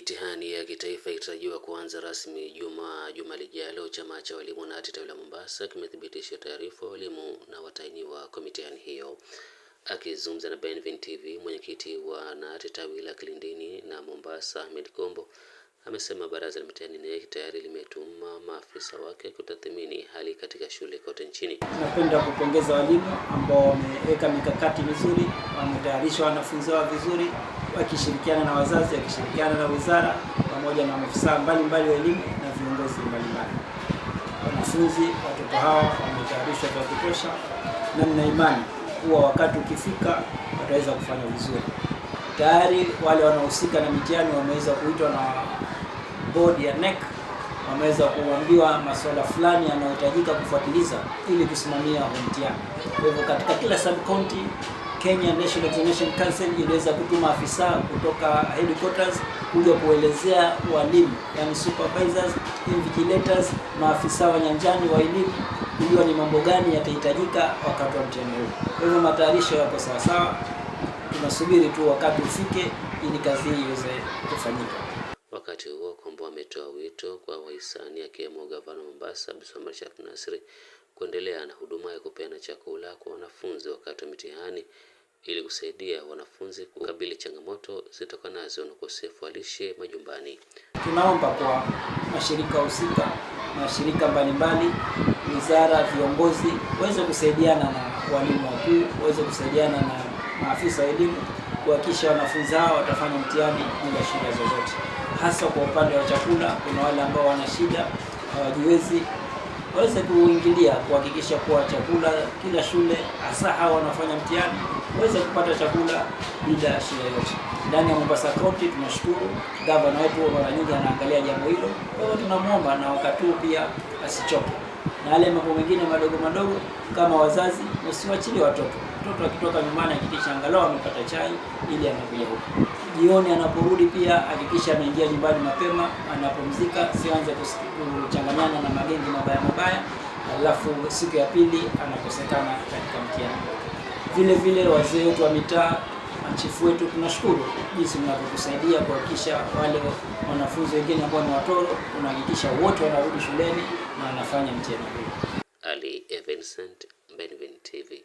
Mitihani ya kitaifa ikitarajiwa kuanza rasmi juma juma lijalo. Chama cha walimu KNUT tawi la Mombasa kimethibitisha taarifa walimu na watainiwa kwa mitihani hiyo. Akizungumza na Benvin TV, mwenyekiti wa KNUT tawi la Kilindini na Mombasa Ahmed Kombo amesema baraza la mitihani tayari limetuma maafisa wake kutathmini hali katika shule kote nchini. Napenda kupongeza walimu ambao wameweka mikakati mizuri, wametayarisha wanafunzi wao vizuri, wakishirikiana na wazazi, wakishirikiana na wizara pamoja na maafisa mbalimbali wa elimu na viongozi mbalimbali. Wanafunzi watoto hawa wametayarishwa vya kutosha, na nina imani kuwa wakati ukifika wataweza kufanya vizuri. Tayari wale wanaohusika na mitihani wameweza kuitwa na bodi ya NEC wameweza kuambiwa masuala fulani yanayohitajika kufuatiliza ili kusimamia mtihani. Kwa hivyo katika kila sub county Kenya National Examination Council iliweza kutuma afisa kutoka headquarters kuja kuelezea walimu, yani supervisors, invigilators, maafisa wa nyanjani wa elimu kujua ni mambo gani yatahitajika wakati wa mtihani huu. Kwa hivyo matayarisho yako sawasawa, tunasubiri tu wakati ufike ili kazi hii iweze kufanyika. Wakati huo Kombo ametoa wito kwa wahisani akiwemo gavana Mombasa Abdulswamad Shariff Nasri kuendelea na huduma ya kupeana chakula kwa wanafunzi wakati wa mitihani ili kusaidia wanafunzi kukabili changamoto zitokanazo na ukosefu wa lishe majumbani. Tunaomba kwa mashirika husika, mashirika mbalimbali, wizara, viongozi waweze kusaidiana na walimu wakuu, waweze kusaidiana na maafisa wa elimu kuhakikisha wanafunzi hao watafanya mtihani bila shida zozote, hasa kwa upande wa chakula. Kuna wale ambao wana shida hawajiwezi, waweze kuingilia kuhakikisha kuwa chakula kila shule, hasa hao wanafanya mtihani, waweze kupata chakula bila shida yoyote. Ndani ya Mombasa County tunashukuru gavana wetu mara nyingi anaangalia jambo hilo, kwa hiyo tunamwomba na wakati huu pia asichoke na yale mambo mengine madogo madogo kama wazazi usiwachilie watoto. Mtoto akitoka nyumbani hakikisha angalau amepata chai ili anakuja huko. Jioni anaporudi pia hakikisha ameingia nyumbani mapema, anapumzika, sianze kuchanganyana na magenge mabaya mabaya, alafu siku ya pili anakosekana katika mtihani. Vile vile wazee wetu wa mitaa machifu wetu tunashukuru jinsi mnavyotusaidia kuhakikisha wale wanafunzi wengine ambao ni watoro, unahakikisha wote wanarudi shuleni na wanafanya mtihani huu. Ali Evincent Benvin TV.